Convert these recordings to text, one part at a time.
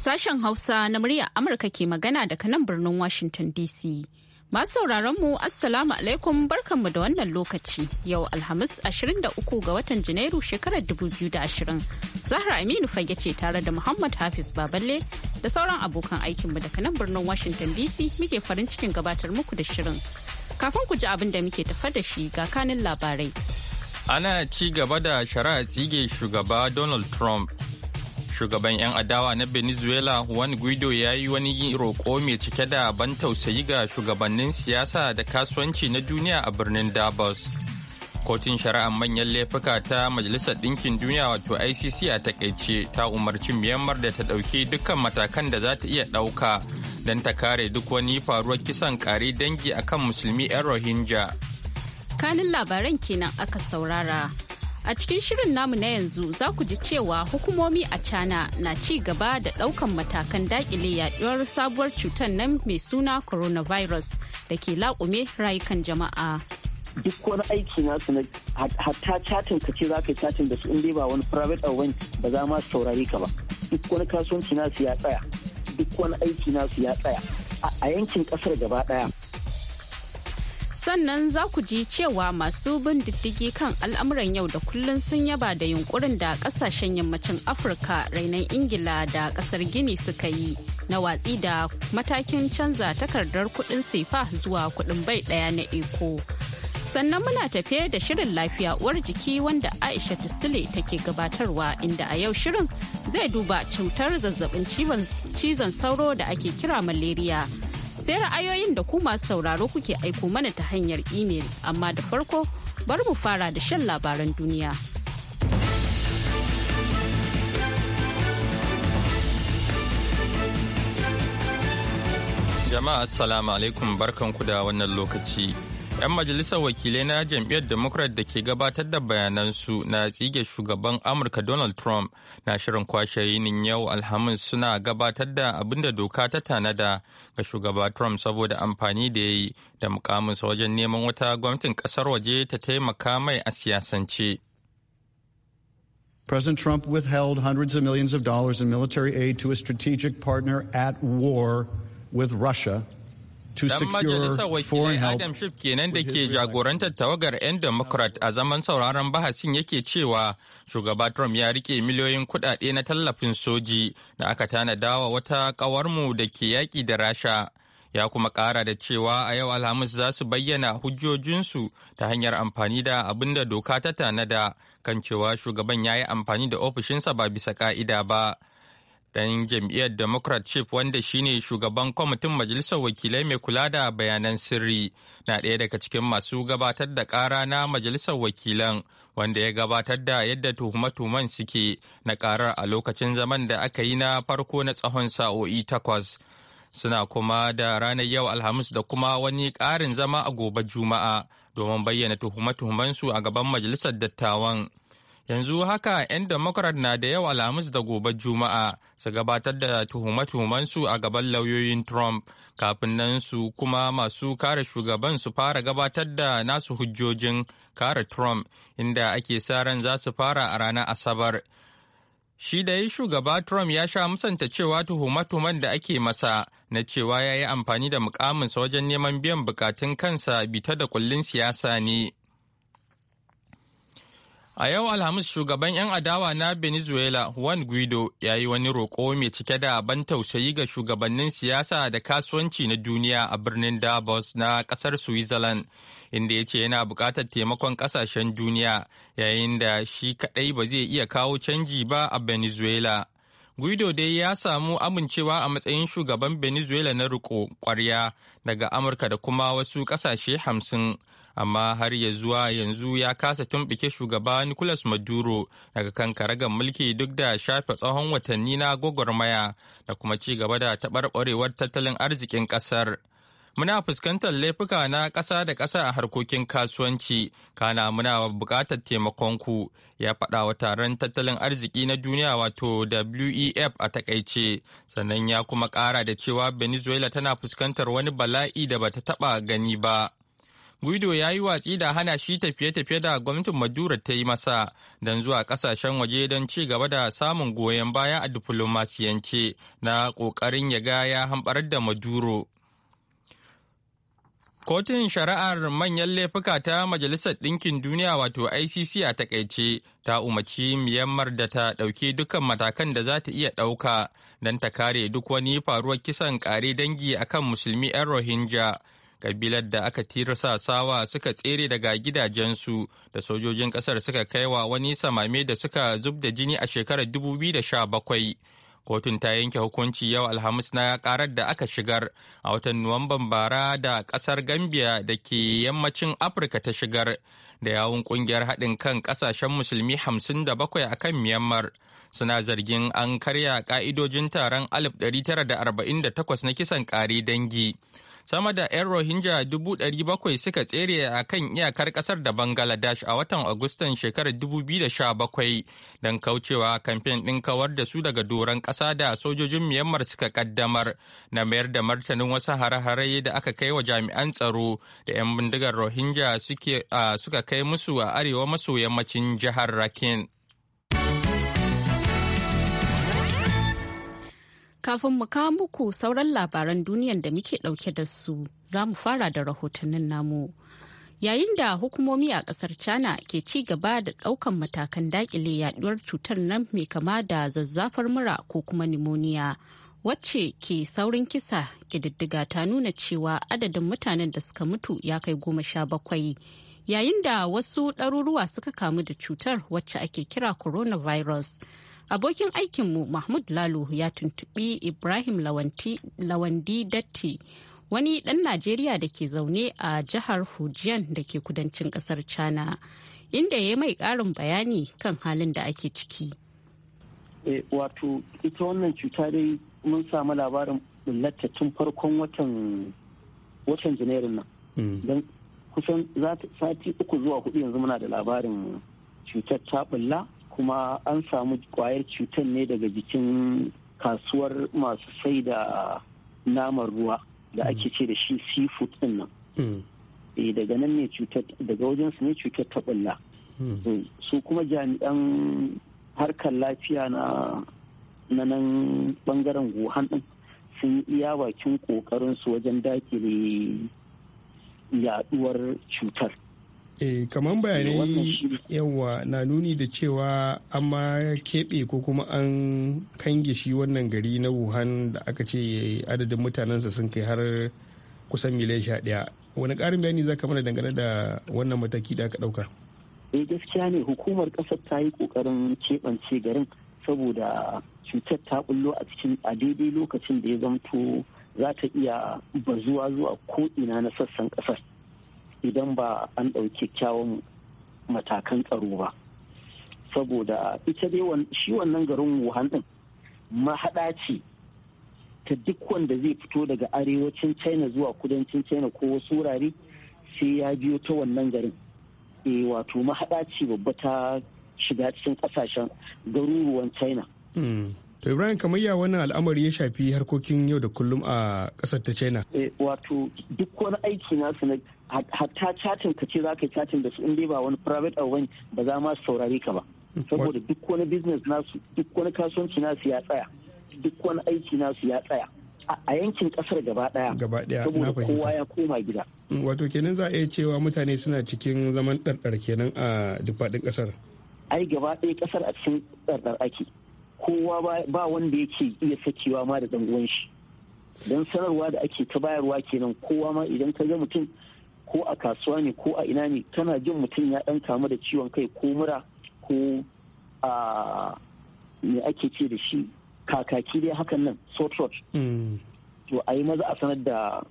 Sashen Hausa na muryar Amurka ke magana daga nan birnin Washington DC. Masu sauraron mu Assalamu alaikum barkanmu da wannan lokaci yau Alhamis 23 ga watan Janairu shekarar 2020. Zahra Aminu fage ce tare da Muhammad Hafiz Baballe da sauran abokan aikinmu daga nan birnin Washington DC muke farin cikin gabatar muku da shirin. Kafin ku ji abin da muke tafa da shi ga kanin labarai. Ana ci gaba da shari'a tsige shugaba Donald Trump shugaban 'yan adawa na venezuela juan guido ya yi wani roƙo mai cike da ban tausayi ga shugabannin siyasa da kasuwanci na duniya a birnin davos kotun shari'ar manyan laifuka ta majalisar ɗinkin duniya wato icc a takaice ta umarci myanmar da ta ɗauki dukkan matakan da za ta iya ɗauka don ta kare duk wani faruwar kisan kare dangi akan musulmi 'yan rohingya kanin labaran kenan aka saurara A cikin shirin namu na yanzu za ku ji cewa hukumomi a China na ci gaba da ɗaukan matakan dakile yaduwar sabuwar cutar nan mai suna coronavirus da ke laƙume rayukan jama'a. Duk wani aiki nasu na hatta chatin ka ce za ka chatin da su in dai ba wani private event ba za ma saurari ka ba. Duk wani kasuwanci na su ya tsaya. Duk wani aiki na su ya tsaya. A yankin kasar gaba ɗaya. sannan za ku ji cewa masu bin diddigi kan al'amuran yau da kullun sun yaba da yunkurin da kasashen yammacin afirka rainan ingila da kasar gini suka yi na watsi da matakin canza takardar kudin sefa zuwa kudin bai daya na eko sannan muna tafiya da shirin lafiya uwar jiki wanda aisha tisile take gabatarwa inda a yau shirin zai duba cutar zazzabin cizon sauro da ake kira malaria sai ra'ayoyin da ku masu sauraro kuke aiko mana ta hanyar imel amma da farko bar mu fara da shan labaran duniya. Jama'a assalamu alaikum barkanku da wannan lokaci. 'yan majalisar wakilai na jam'iyyar democrat da ke gabatar da bayanansu na tsige shugaban amurka donald trump na shirin kwashe yinin yau alhamis suna gabatar da abin da doka ta tanada ga shugaba trump saboda amfani da ya yi da mukaminsa wajen neman wata gwamnatin kasar waje ta taimaka mai a siyasance President Trump withheld hundreds of millions of dollars in military aid to a strategic partner at war with Russia to secure foreign help. Adam Schiff kenan da ke jagorantar tawagar 'yan Democrat a zaman sauraron bahasin yake cewa shugaba Trump ya rike miliyoyin kuɗaɗe na tallafin soji da aka tanadawa wata mu da ke yaƙi da Rasha. Ya kuma ƙara da cewa a yau Alhamis za su bayyana hujjojinsu ta hanyar amfani da abin da doka ta tanada kan cewa shugaban ya yi amfani da ofishinsa ba bisa ka'ida ba. Ɗan jam'iyyar democrat chief wanda shine shugaban kwamitin majalisar wakilai mai kula da bayanan sirri na ɗaya daga cikin masu gabatar da ƙara na majalisar wakilan wanda ya gabatar da yadda tuhume-tuhumen suke na ƙarar a lokacin zaman da aka yi na farko na tsahon sa'o'i takwas suna kuma da ranar yau alhamis da kuma wani ƙarin zama a gobe juma'a domin bayyana tuhume-tuhumensu a gaban majalisar dattawan yanzu haka 'yan democrat na da yau alhamis da gobe juma'a su gabatar da tuhume su a gaban lauyoyin trump kafin nan su kuma masu kare shugaban su fara gabatar da nasu hujjojin kare trump inda ake sa ran za su fara a ranar asabar shi da yi shugaba Trump ya sha musanta cewa tuhume-tuhumen da ake masa na cewa ya yi amfani da mukaminsa wajen neman biyan bukatun kansa bita da kullin siyasa ne. A yau Alhamis shugaban 'yan adawa na Venezuela Juan Guido ya yi wani roƙo mai cike da ban tausayi ga shugabannin siyasa da kasuwanci na duniya a birnin Davos na ƙasar Switzerland, inda ya ce yana buƙatar taimakon ƙasashen duniya yayin da shi kaɗai ba zai iya kawo canji ba a Venezuela. Guido dai ya samu amincewa a matsayin shugaban Venezuela na riƙo ƙwarya daga Amurka da kuma wasu ƙasashe hamsin amma har ya zuwa yanzu ya kasa tumbike shugaba Nicolas Maduro daga kan karagar mulki duk da shafe tsawon watanni na gwagwarmaya da kuma ci gaba da taɓarɓarewar tattalin arzikin ƙasar. Muna fuskantar laifuka na ƙasa da ƙasa a harkokin kasuwanci, kana muna buƙatar taimakonku, ya faɗa wa taron tattalin arziki na duniya wato WEF a takaice, sannan ya kuma ƙara da cewa Venezuela tana fuskantar wani bala'i da bata taɓa gani ba. Guido ya yi watsi da hana shi tafiye-tafiye da gwamnatin Madura ta yi masa don zuwa kasashen waje don ci gaba da samun goyon baya a diflomasiyance na ƙoƙarin ya ga ya hambarar da Maduro. Kotun shari'ar manyan laifuka ta Majalisar Ɗinkin Duniya wato ICC a takaice ta umarci Myanmar da ta ɗauki dukkan matakan da za ta iya ɗauka don ta kare duk wani faruwar kisan kare dangi akan musulmi 'yan Rohingya. kabilar da aka tirasa sawa suka tsere daga gidajensu da sojojin kasar suka kai wa wani samame da suka zub da jini a shekarar 2017 kotun ta yanke hukunci yau alhamis na karar da aka shigar a watan nuwamban bara da kasar gambia da ke yammacin afirka ta shigar da yawun kungiyar haɗin kan ƙasashen musulmi 57 a kan myanmar suna zargin an karya ka'idojin taron 1948 na kisan ƙari dangi sama da 'yan rohingya 700,000 suka tsere a kan iyakar kasar da bangladesh a watan agustan shekarar 2017 don kaucewa kamfen ɗin kawar da su daga doron ƙasa da sojojin myanmar suka ƙaddamar na mayar da martanin wasu hare-hare da aka kai wa jami'an tsaro da 'yan bindigar rohingya suka kai musu a arewa maso yammacin jihar rakin. Kafin mu kawo muku sauran labaran duniyan da muke dauke da su, za mu fara da rahotannin namu. Yayin da hukumomi a ƙasar China ke ci gaba da ɗaukan matakan daƙile yaɗuwar cutar nan mai kama da zazzafar mura ko kuma nimoniya. wacce ke saurin kisa ƙididdiga ta nuna cewa adadin mutanen da suka mutu ya kai goma sha bakwai yayin da wasu ɗaruruwa suka kamu da cutar wacce ake kira coronavirus Abokin aikinmu Mahmud lalu ya tuntuɓi Ibrahim Lawandi Datti wani ɗan Najeriya da ke zaune a jihar Fujian da ke kudancin ƙasar China, inda ya mai karin bayani kan halin da ake ciki. Eh, wato, ita wannan cuta dai mun samu labarin bullata tun farkon watan janairun nan mm. don kusan sati uku zuwa hudu yanzu muna da labarin cutar ta bulla kuma an samu kwayar cutar ne daga jikin kasuwar masu sai da naman ruwa da ake ce da shi seafood din nan hmm. eh, daga nan ne cutar daga wajensu ne cutar ta bulla hmm. eh, su kuma jami'an harkar lafiya na na nan bangaren wuhan din sun iya bakin ƙoƙarinsu wajen dakile yaduwar cutar eh kamar eh, bayanai yawa na nuni da cewa an ma keɓe ko kuma an kange shi wannan gari na wuhan da aka ce adadin mutanensa sun kai har kusan miliyan sha ɗaya wani ƙarin bayani za ka mana dangane da wannan mataki da aka ɗauka eh gaskiya ne hukumar ƙasar ta yi ƙoƙarin keɓance garin saboda cutar ta bullo a cikin a daidai lokacin da ya zamto za ta iya bazuwa zuwa ko ina na sassan ƙasar idan ba an ɗauki kyawun matakan tsaro ba saboda ita dai shi wannan garin wuhan ɗin mahaɗa ce ta duk wanda zai fito daga arewacin china zuwa kudancin china ko wasu wurare sai ya biyo ta wannan garin e wato mahaɗa ce babba ta shiga cikin ƙasashen garuruwan china hmm. To Ibrahim ya wannan al'amari ya shafi harkokin yau da kullum a ƙasar ta China. Eh, wato duk wani aiki nasu su hatta chatin ka ce za ka chatin da su in dai ba wani private away ba za ma su saurare ka ba. Hmm. Saboda duk wani business nasu duk wani kasuwanci nasu ya tsaya duk wani aiki nasu ya tsaya. a yankin kasar gaba daya gaba daya na fahimta kowa ya koma gida hmm, wato kenan za a iya cewa mutane suna cikin zaman ɗarɗar kenan a duk faɗin ƙasar. ai gaba ɗaya kasar a cikin ɗarɗar ake kowa ba wanda yake iya sakewa ma da dan uwan shi don sanarwa da ake ta bayarwa kenan kowa ma idan ka ga mutum ko a kasuwa ne ko a ina ne kana jin mutum ya dan kamu da ciwon kai ko mura ko a me ake ce da shi kakaki dai hakan nan sore hmm. to a yi maza a sanar da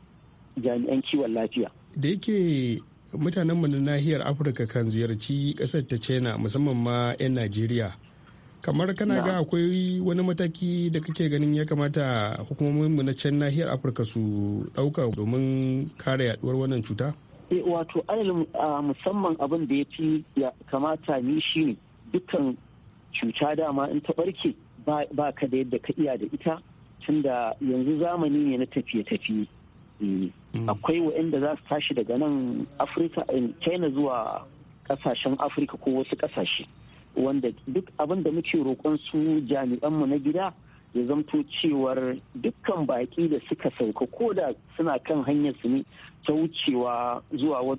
jami'an kiwon lafiya da yake mutanenmu na nahiyar afirka kan ziyarci kasar ta china musamman ma 'yan najeriya kamar kana ga akwai wani mataki da kake ganin ya kamata hukumomin hukumominmu na can nahiyar afirka su ɗauka domin kare yaduwar wannan cuta eh, wato alal musamman abin da ya fi kamata ni shi ne dukkan cuta dama in ta barke ba ka da yadda ka iya da ita tunda yanzu zamani ne na tafiye-tafiye eh, mm. akwai waɗanda za su tashi daga nan afirka eh, china zuwa kasashen afirka ko wasu kasashe wanda duk abin da muke roƙon su jami'an mu na gida ya zamto cewar dukkan baƙi da suka sauka ko da suna kan hanyar su ne ta wucewa zuwa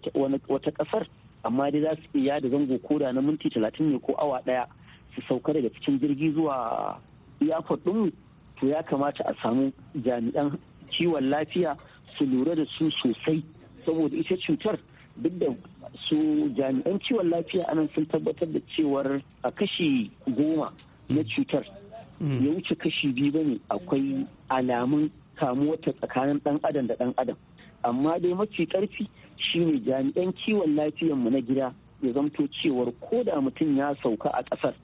wata ƙasar amma dai za su iya yada zango ko da na minti talatin ne ko awa ɗaya su sauka daga cikin jirgi zuwa iyakar ɗinmu to ya kamata a samu jami'an kiwon lafiya su lura da su sosai saboda ita cutar duk da su jami'an kiwon lafiya anan sun tabbatar da cewar a kashi goma na cutar mm. ya wuce kashi biyu bane akwai alamun kamuwa ta tsakanin dan adam da dan adam amma dai mafi karfi shine jami'an kiwon mu na gida ya zamto cewar ko da mutum ya sauka a ƙasar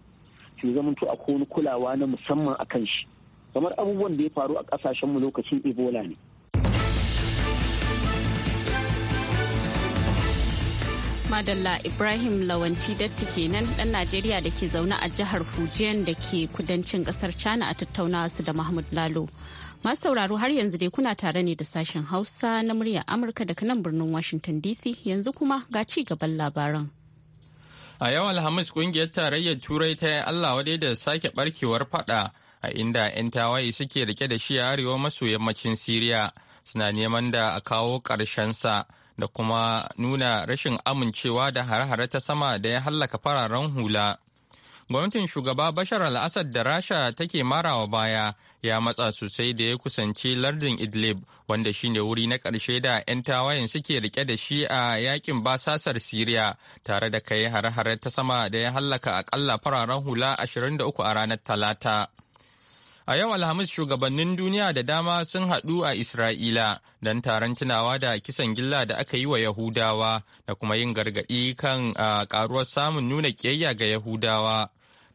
to ya zamto akwai wani kulawa na musamman akan shi kamar abubuwan da ya faru a kasashen mu lokacin ebola ne Madalla Ibrahim Lawanti Datti kenan dan Najeriya da ke zaune a jihar Fujian da ke kudancin kasar China a tattaunawa su da Mahmud Lalo. Masu sauraro har yanzu dai kuna tare ne da sashen Hausa na muryar Amurka daga nan birnin Washington DC yanzu kuma ga ci gaban labaran. A yau Alhamis kungiyar tarayyar Turai ta yi Allah wadai da sake barkewar fada a inda 'yan tawaye suke rike da shi a arewa maso yammacin Siriya suna neman da a kawo ƙarshensa. sa. da kuma nuna rashin amincewa da hare-hare ta sama da ya hallaka fararen hula. Gwamnatin shugaba Bashar al-Assad da Rasha take marawa baya ya matsa sosai da ya kusance lardin Idlib wanda shine wuri na ƙarshe da 'yan tawayen suke rike da shi a yakin basasar Siriya tare da kai hare-hare ta sama da ya hallaka akalla fararen hula 23 a ranar Talata. A yau Alhamis shugabannin duniya da dama sun haɗu a Isra'ila don taron tunawa da kisan gilla da aka yi wa Yahudawa da kuma yin gargaɗi kan ƙaruwar samun nuna ƙiyayya ga Yahudawa.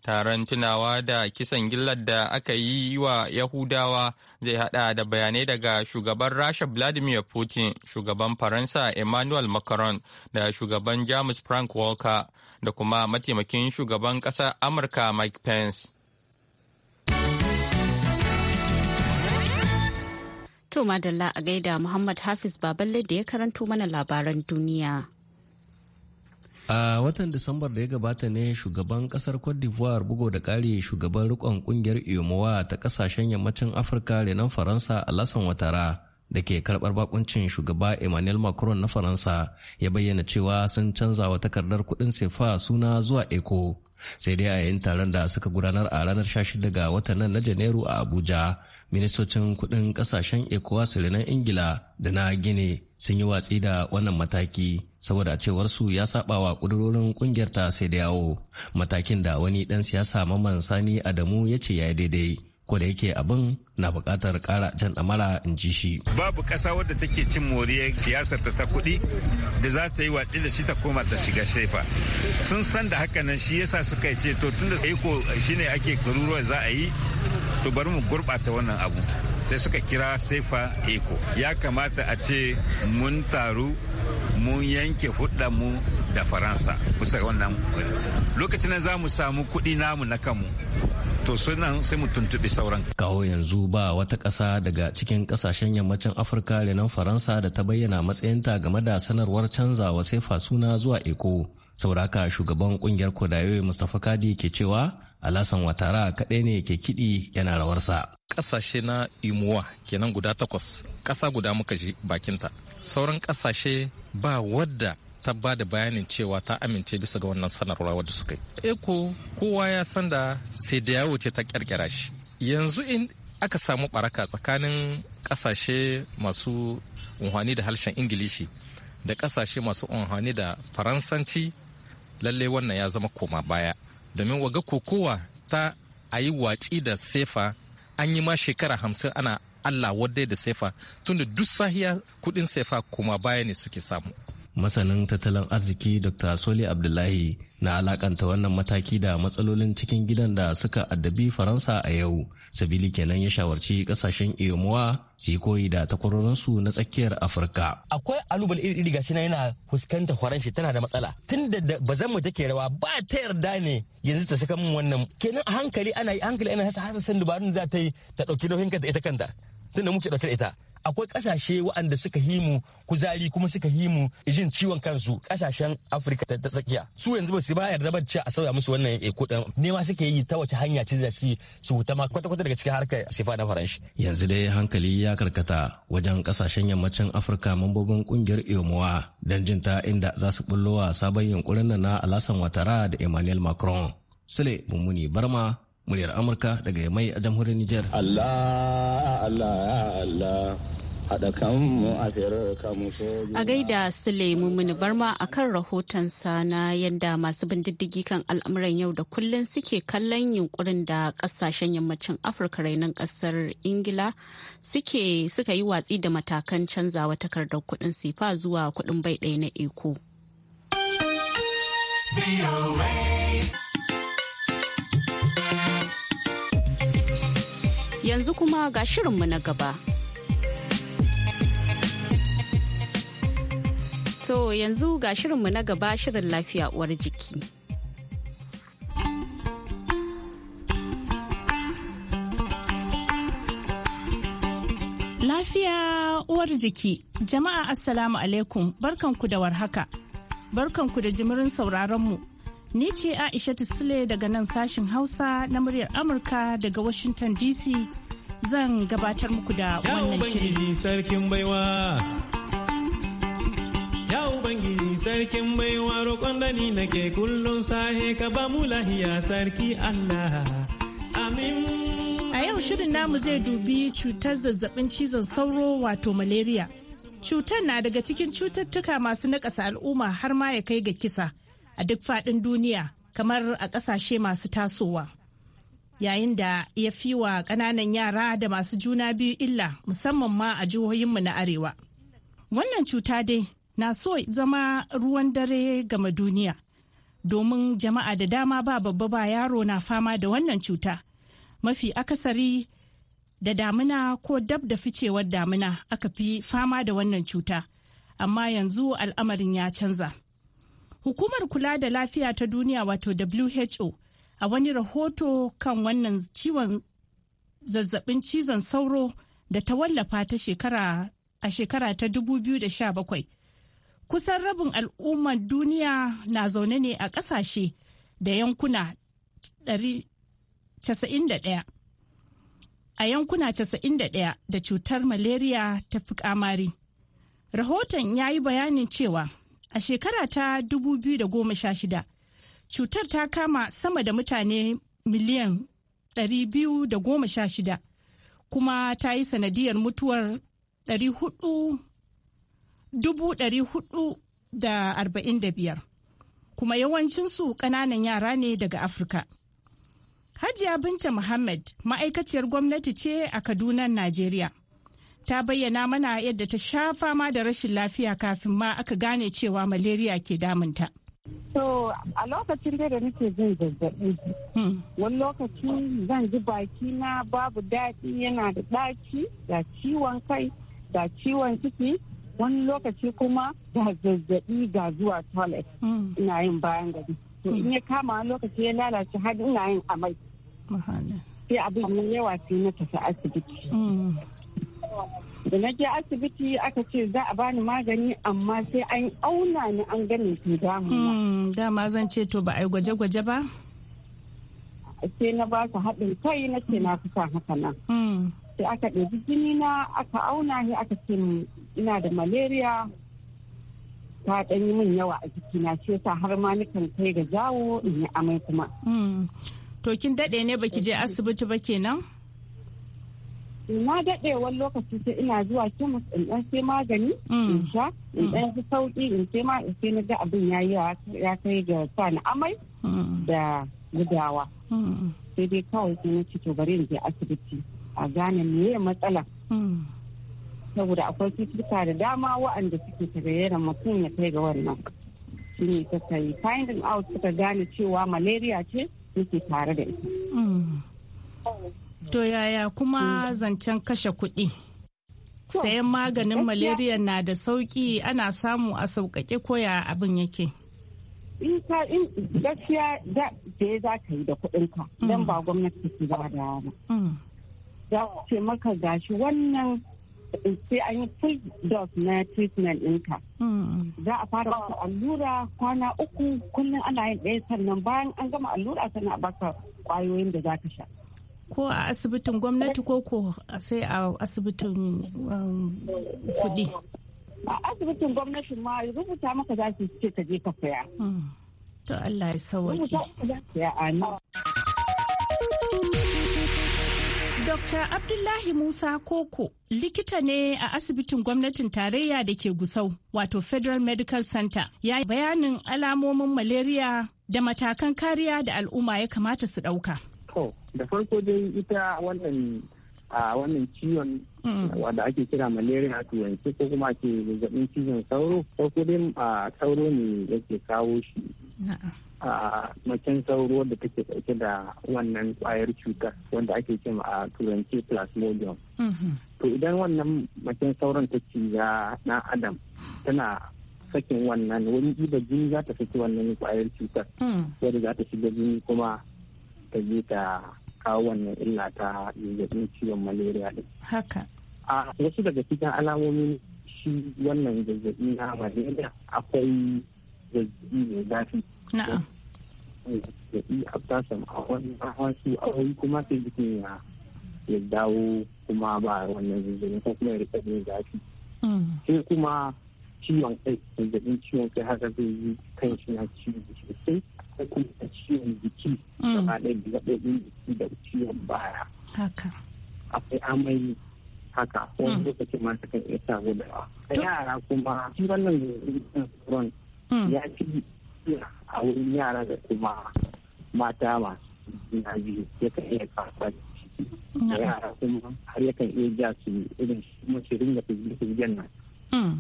Taron tunawa da kisan gillar da aka yi wa Yahudawa zai haɗa da bayanai daga shugaban Rasha Vladimir Putin, shugaban Faransa Emmanuel Macron da shugaban Jamus Frank Walker da kuma mataimakin shugaban ƙasar Amurka Mike Pence. To Madalla a gaida Muhammad Hafiz Baballe da ya karanto mana labaran duniya. A watan Disambar da ya gabata ne shugaban kasar Cote d'Ivoire bugo da ƙari shugaban rikon kungiyar Iyomowa ta kasashen yammacin Afirka renon Faransa a lasan watara da ke karbar bakuncin shugaba Emmanuel Macron na Faransa ya bayyana cewa sun canza wa takardar kuɗin sefa suna zuwa Eko. sai dai a yayin taron da suka gudanar a ranar 16 ga watan na janairu a abuja ministocin kudin kasashen ecowas na ingila da na gine sun yi watsi da wannan mataki saboda cewar su ya saba wa kudurorin kungiyar ta sai da yawo matakin da wani dan siyasa mamman sani adamu ya ce ya yi daidai ko da yake abin na buƙatar ƙara jan ɗamara in ji shi. Babu ƙasa wadda take cin moriyar siyasar ta ta kuɗi da za ta yi watsi da shi ta koma ta shiga shefa. Sun san da haka nan shi yasa suka yi ce to tun tunda iko ne ake kururuwa za a yi to bari mu gurɓata wannan abu. Sai suka kira sefa eko. Ya kamata a ce mun taru mun yanke mu da faransa kusa wannan lokacin za mu samu kuɗi namu na kanmu to sunan sai mu tuntuɓi sauran. kawo yanzu ba wata ƙasa daga cikin ƙasashen yammacin afirka renon faransa da ta bayyana matsayinta game da sanarwar canzawa sefa suna zuwa eko sauraka shugaban kungiyar kodayo mustapha kadi ke cewa alasan watara kaɗai ne ke kiɗi yana rawarsa ƙasashe na imuwa kenan guda takwas ƙasa guda muka ji bakinta sauran ƙasashe ba wadda ta ba da bayanin cewa ta amince bisa ga wannan sanarwa wadda suka yi eko eh kowa ya san da sai da yawo ce ta kyarkyara shi yanzu in aka samu baraka tsakanin kasashe masu unhwani da harshen ingilishi da kasashe masu unhwani da faransanci lalle wannan ya zama koma baya domin waga kokowa ta a yi watsi da sefa an yi ma shekara hamsin ana allah wadda da sefa tunda duk sahiya kudin sefa koma baya ne suke samu masanin tattalin arziki dr soli abdullahi na alakanta wannan mataki da matsalolin cikin gidan da suka addabi faransa a yau sabili kenan ya shawarci kasashen iyomuwa su koyi da takwarorinsu na tsakiyar afirka akwai alubal iri gashi na yana fuskanta horon shi tana da matsala tun da bazan mu take rawa ba ta yarda ne yanzu ta saka min wannan kenan a hankali ana yi hankali ana hasa hasa dubarun za ta yi ta dauki nauyin kanta ita kanta tun da muke dauke da ita akwai kasashe waɗanda suka himu kuzari kuma suka himu jin ciwon kansu kasashen afirka ta tsakiya su yanzu ba su ba yarda ba a sauya musu wannan eh, kuɗin nema suke yi ta wace hanya ce za su su huta ma kwata-kwata daga cikin harkar sifa na faranshi yanzu dai hankali ya karkata wajen kasashen yammacin afirka mambobin kungiyar iomowa don jin ta inda za su bullowa sabon yunkurin na alasan watara da emmanuel macron sule mummuni barma muryar amurka daga yamai a jamhuriyar niger allah haɗa kanmu a a gaida sulaimu mini barma a kan rahoton sana yadda masu bindiddigi kan al'amuran yau da kullun suke kallon yunkurin da ƙasashen yammacin afirka rainon ƙasar ingila suke suka yi watsi da matakan canzawa takardar kuɗin sifa zuwa kuɗin bai ɗaya na eko. Yanzu kuma ga shirinmu na gaba. So yanzu ga shirinmu na gaba shirin lafiya uwar jiki. Lafiya uwar jiki. Jama'a Assalamu alaikum barkanku da warhaka. Barkanku da jimirin sauraronmu Ni ce Aisha Sule daga nan sashin Hausa na muryar Amurka daga Washington DC zan gabatar muku da wannan shiri. sarkin baiwa. roƙon da nake kullum sahe ka ba mu lahiya sarki Allah. Amin. A yau shirin namu zai dubi cutar zazzabin cizon sauro wato malaria. Cutar na daga cikin cututtuka masu naƙasa al'umma har ma ya kai ga kisa a duk faɗin duniya kamar a ƙasashe masu tasowa. yayin da ya fi wa ƙananan yara da masu juna biyu illa musamman ma a jihohinmu na arewa. Wannan cuta dai na so zama ruwan dare gama duniya domin jama'a da dama ba babba ba yaro na fama da wannan cuta. Mafi akasari da damina ko dab da ficewar damina aka fi fama da wannan cuta, amma yanzu al'amarin ya canza. Hukumar kula da lafiya ta duniya wato WHO a wani rahoto kan wannan ciwon zazzabin cizon sauro da ta wallafa ta shekara a shekara ta 2017 kusan rabin al'ummar duniya na zaune ne a ƙasashe da yankuna 91 a yankuna 91 da cutar malaria ta fi kamari rahoton ya yi bayanin cewa a shekara ta 2016 cutar ta kama sama da mutane miliyan 216 kuma ta yi sanadiyar mutuwar 445 kuma yawancinsu kananan yara ne daga afirka hajiya binta muhammad ma'aikaciyar gwamnati ce a kaduna najeriya ta bayyana mana yadda ta sha fama da rashin lafiya kafin ma aka gane cewa malaria ke damunta. To a lokacin da nake jin zazzaɓi, hmm. wani lokaci zan ji baki na babu daɗi yana da ɗaci da ciwon kai da ciwon ciki wani lokaci kuma da zazzaɓi ga zuwa toilet hmm. ina yin bayan gari. To in hmm. ya kama wani lokaci ya lalace har ina yin amai. Sai abin yawa sai na tafi asibiti. da na je asibiti aka ce za a bani magani amma sai an auna ni an gane su damu hmm, dama zan ce to ba a yi gwaje-gwaje ba sai na ba su haɗin kai na ce na kusa haka nan hmm. sai aka ɗauki jini na aka auna ni aka ce ina da malaria ta ɗan yi min yawa a jikina ce sa har ma nukan kai ga jawo in yi amai kuma hmm. to kin daɗe ne baki je asibiti ba kenan na daɗe wani lokaci sai ina zuwa kemis in ɗan sai magani mm. in sha in mm. ɗan fi sauƙi in sai ma in sai na ga abin ya yi ya kai ga sa na amai mm. da gudawa sai dai kawai sai na to bari in je asibiti a gane me ya matsala saboda akwai cututtuka da dama wa'anda suke tagayyara mutum ya kai ga wannan shi ne ta kai finding out suka gane cewa malaria ce suke tare da ita oh. To yaya kuma zancen kashe kuɗi? Sayan maganin malaria na da sauƙi ana samu a sauƙaƙe koya abin yake. In ka in gaskiya da je za ka yi da kuɗinka mm. don ba gwamnati ke ba da ba. Mm. Za ce maka gashi wannan sai an yi full dose na treatment ɗinka. Mm. Za a fara maka allura kwana uku kullum ana yin ɗaya sannan bayan an gama allura sannan a baka ƙwayoyin da za ka sha. ko a asibitin gwamnati ko ko sai a asibitin um, kuɗi a asibitin gwamnati ma rubuta maka za su ce ka je ka koya hmm. to Allah ya sauwake Dr. Abdullahi Musa Koko likita ne a asibitin gwamnatin tarayya da ke Gusau wato Federal Medical Center ya yi bayanin alamomin malaria da matakan kariya da al'umma ya kamata su ɗauka. To, da farko dai ita wannan a wannan ciwon wanda ake kira malaria a turanci ko kuma ke zazzabin cizon sauro farko dai a sauro ne yake kawo shi a macen sauro wanda take dauke da wannan kwayar cutar wanda ake ce a turanci plasmodium mm-hmm. to idan wannan macen sauron ta ciza na adam tana sakin wannan wani ibajin jini za ta saki wannan kwayar cutar mm. wadda za ta shiga jini kuma ta je ta kawo wannan illa ta zazzabin ciwon malaria din. Haka. A wasu daga cikin alamomi shi wannan zazzabi na malaria akwai zazzabi mai zafi. Na'am. Zazzabi abtasan a wani wasu awoyi kuma sai jikin ya ya dawo kuma ba wannan zazzabi ko kuma ya rika jin zafi. Mm. Sai kuma ciwon kai zazzabin ciwon kai haka zai yi kan shi na ciwo sosai ko kuma ciwon jiki mm. gaba ɗaya gaɓoɓin jiki da ciwon baya akwai amai haka wani mm. lokacin ma ta kan iya sa da yara kuma shi wannan zazzabin mm. ya fi a wurin yara da kuma mata masu jina biyu ya kan iya kasa da yara kuma har yakan iya ja su irin mace ringa fizgin nan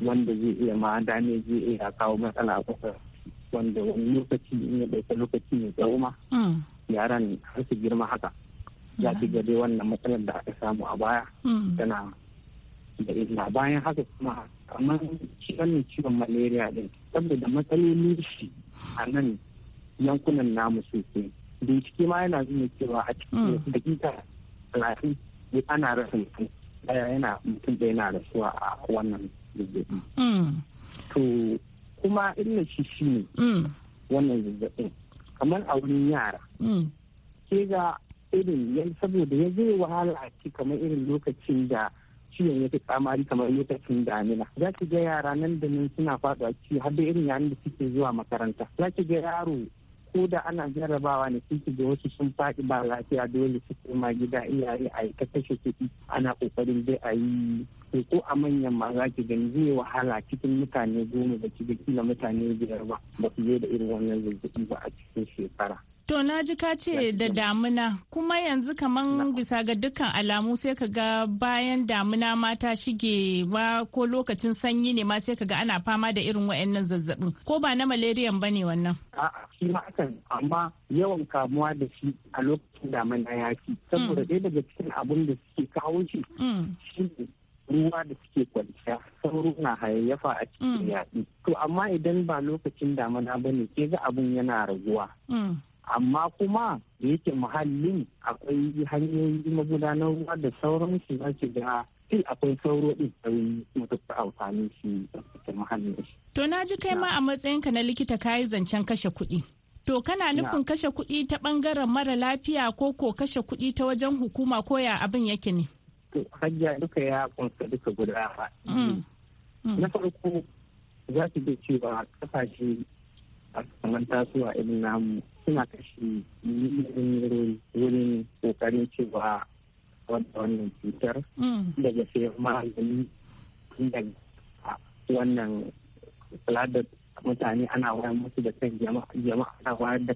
wanda zai iya ma dane zai iya kawo matsala a kwakwalwa wanda wani lokaci in ya ɗauka lokaci mai tsawo ma mm. yaran har su girma haka za ki wannan matsalar da aka samu a baya mm. tana da illa bayan haka kuma kamar shi wannan ciwon malaria din saboda matsaloli shi a nan yankunan namu sosai bincike ma yana zuwa cewa a cikin dakika mm. talatin ana rasa mutum ɗaya yana mutum ɗaya yana rasuwa a wannan zazzabi to kuma illa shi shi ne mm. wannan zazzabin kamar a wurin yara mm. ke ga irin yan saboda ya zai wahala a ci kamar irin lokacin da ciwon ya fi tsamari kamar lokacin damina za ki ga yara nan da nan suna faɗo a ciwo har da irin yaran da suke zuwa makaranta za ki ga yaro ko da ana jarrabawa ne sun da wasu sun faɗi ba lafiya dole su koma gida iyaye a yi kashe kuɗi ana ƙoƙarin dai a yi ko a manyan ma za ki gani zai wahala cikin mutane goma da cikin kila mutane biyar ba ba su je da irin wannan zazzaɓi ba a cikin shekara. To na ji ka ce da damuna kuma yanzu kaman bisa ga dukkan alamu sai ka ga bayan damuna ma ta shige ba ko lokacin sanyi ne ma sai ka ga ana fama da irin wa'annan zazzabin ko ba na malariyan ba ne wannan. A'a shi ma amma yawan kamuwa da shi a lokacin damuna ya fi mm. saboda ɗaya daga cikin abun da suke kawo shi mm. shi ruwa da suke kwanciya sauro na hayayyafa a cikin mm. yaɗi. To amma idan ba lokacin damuna ba ne ke ga abin yana raguwa. amma kuma da yake muhallin akwai hanyoyi magudanar ruwa da sauransu za ki da fil akwai sauro din sauyi matuƙar amfani shi da muhallin shi. To na ji kai ma a matsayinka na likita kayi zancen kashe kuɗi. To kana nufin kashe kuɗi ta bangaren mara lafiya ko ko kashe kuɗi ta wajen hukuma ko ya abin yake ne? to Hajja duka ya kunsa duka guda ba. Mm. Mm. Na farko za ki ce cewa kasashe a kamar tasowa irin namu suna kashe miliyoyin wurin kokarin cewa wanda wannan cutar mm. daga sai magani daga wannan fladar mutane ana wayar musu da kan jama'a ana wayar da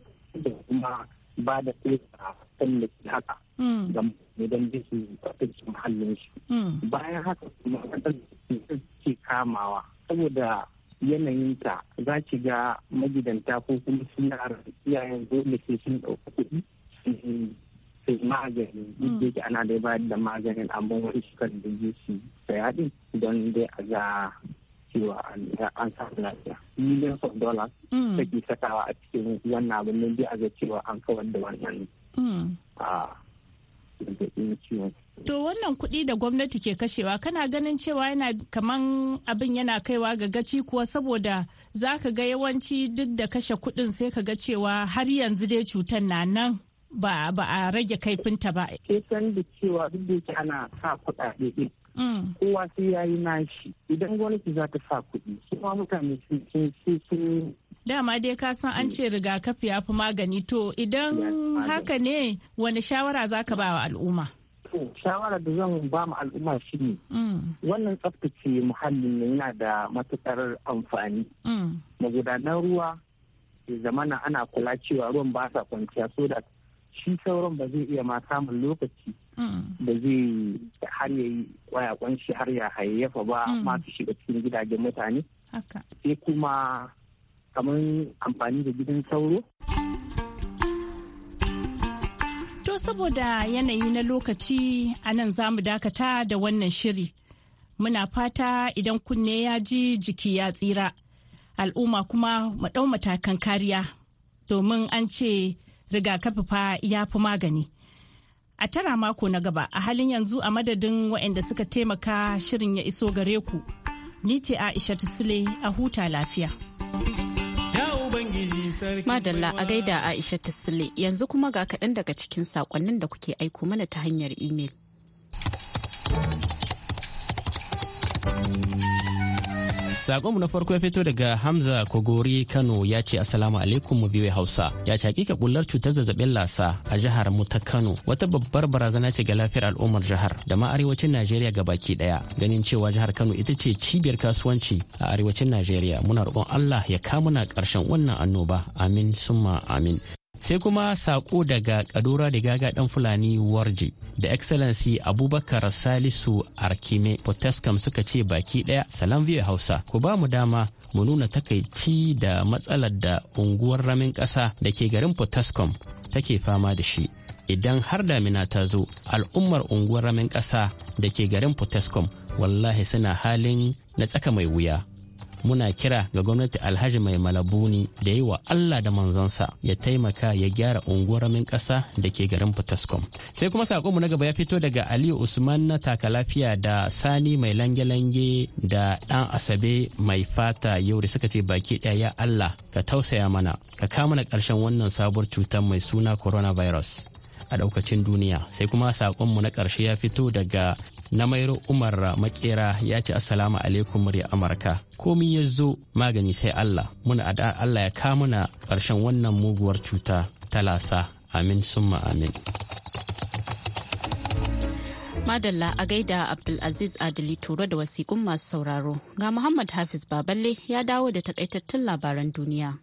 kuma ba da a kan da ke haka mm. ga idan da su kwatancin muhallin shi mm. bayan haka kuma wadanda ke kamawa saboda yanayinta za ki ga magidanta ko kuma suna iyayen dole ke sun ɗauka kuɗi sai magani mm. duk da ana dai bayar da maganin amma wani sukan da yi su saya don dai a ga cewa an samu lafiya millions of dollars mm. take sakawa a cikin wannan abin da a ga cewa an kawar da wannan mm. ah, To wannan kuɗi da gwamnati ke kashewa kana ganin cewa yana kaman abin yana kaiwa ga gaci kuwa saboda za ka ga yawanci duk da kashe kuɗin sai ka ga cewa har yanzu dai cutar na nan ba a rage kaifinta ba. Ke san da cewa duk da yake ana sa kuɗaɗe mm. kowa sai ya yi nashi idan gwamnati za ta sa kuɗi kuma mutane sun sun dama dai ka san an ce rigakafi ya fi magani to idan haka ne wani shawara za ka ba wa al'umma shawara da zan ba mu al'umma shi ne mm. wannan tsaftace muhallin ne yana da matukar amfani mm. magudanar ruwa ya zamana ana kula cewa ruwan ba sa kwanciya so da shi sauran ba zai iya ma samun lokaci mm. da zai har ya yi kwayakwanci har ya hayayyafa ba masu shiga cikin gidajen mutane sai kuma kamar amfani da gidan sauro. To saboda yanayi na lokaci a nan za mu dakata da wannan shiri. Muna fata idan kunne ya ji jiki ya tsira. Al'umma kuma mu ɗau matakan kariya domin an ce rigakafi fa ya fi magani. A tara mako na gaba a halin yanzu a madadin waɗanda suka taimaka shirin ya iso gare ku. Ni ce Aisha Sule a huta lafiya. Madalla a gaida Aisha Tassile yanzu kuma ga kaɗan daga cikin saƙonnin da kuke aiko mana ta hanyar imel. mu na farko ya fito daga Hamza Kogori Kano ya ce Assalamu alaikum mu biyu Hausa. Ya ce hakika kullar cutar zazzabin lasa a jihar mu ta Kano wata babbar barazana ce ga lafiyar al'ummar jihar da ma arewacin Najeriya ga baki daya. Ganin cewa jihar Kano ita ce cibiyar kasuwanci a arewacin Najeriya muna roƙon Allah ya kamuna ƙarshen wannan annoba. Amin summa amin. sai kuma sako daga kadora da gaga dan fulani warji da excellency abubakar salisu arkime potaskam suka ce baki daya salam hausa ku ba mu dama mu nuna takaici da matsalar da unguwar ramin kasa da ke garin potaskam take fama da shi idan har damina ta zo al'ummar unguwar ramin ƙasa da ke garin potescom wallahi suna halin na tsaka mai wuya muna kira ga gwamnati alhaji mai malabuni da yi wa allah da manzansa ya taimaka ya gyara unguwar ƙasa da ke garin fataskom sai kuma sakonmu na gaba ya fito daga aliyu usman na takalafiya da sani mai lange-lange da ɗan asabe mai fata yau da suka ce baki ɗaya ya allah ka tausaya mana ka kama na ƙarshen wannan sabuwar cutar mai suna coronavirus a daukacin duniya sai kuma saƙonmu na ƙarshe ya fito daga na mairo umar makera ya ce assalamu alaikum murya amurka komi ya zo magani sai allah muna addu'ar allah ya kamuna ƙarshen wannan muguwar cuta ta lasa amin summa amin Madalla a gaida Abdulaziz Adili Turo da wasiƙun masu sauraro. Ga Muhammad Hafiz Baballe ya dawo da takaitattun labaran duniya.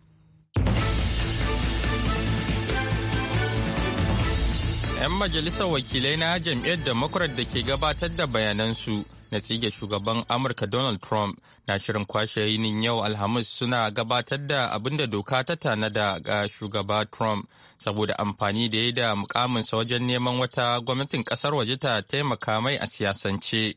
'yan majalisar wakilai na jam'iyyar democrat da ke gabatar da bayanansu na tsige shugaban amurka donald trump na shirin kwashe yinin yau alhamis suna gabatar da abin da doka ta tanada ga shugaba trump saboda amfani da ya da mukaminsa wajen neman wata gwamnatin kasar waje ta taimaka mai a siyasance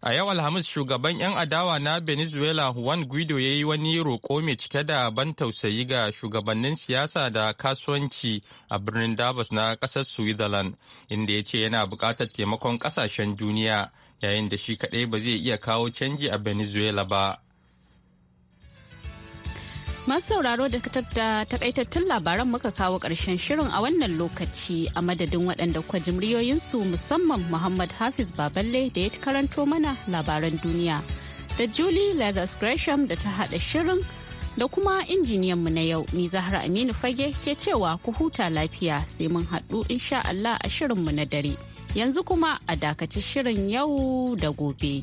A yau Alhamis shugaban 'yan adawa na Venezuela Juan Guido ya yi wani roƙo mai cike da ban tausayi ga shugabannin siyasa da kasuwanci a birnin Davos na ƙasar Switzerland, inda ya ce yana buƙatar taimakon ƙasashen duniya yayin da shi kaɗai ba zai iya kawo canji a Venezuela ba. Masu sauraro da takaitattun labaran muka kawo ƙarshen shirin a wannan lokaci a madadin waɗanda kwa jimriyoyinsu musamman Muhammad Hafiz Baballe da ya karanto mana labaran duniya. Da Julie Leathers Gresham da ta haɗa shirin da kuma injiniyanmu na yau ni Zahra Aminu Fage ke cewa ku huta lafiya sai mun haɗu insha Allah a shirinmu na dare. Yanzu kuma a dakaci shirin yau da gobe.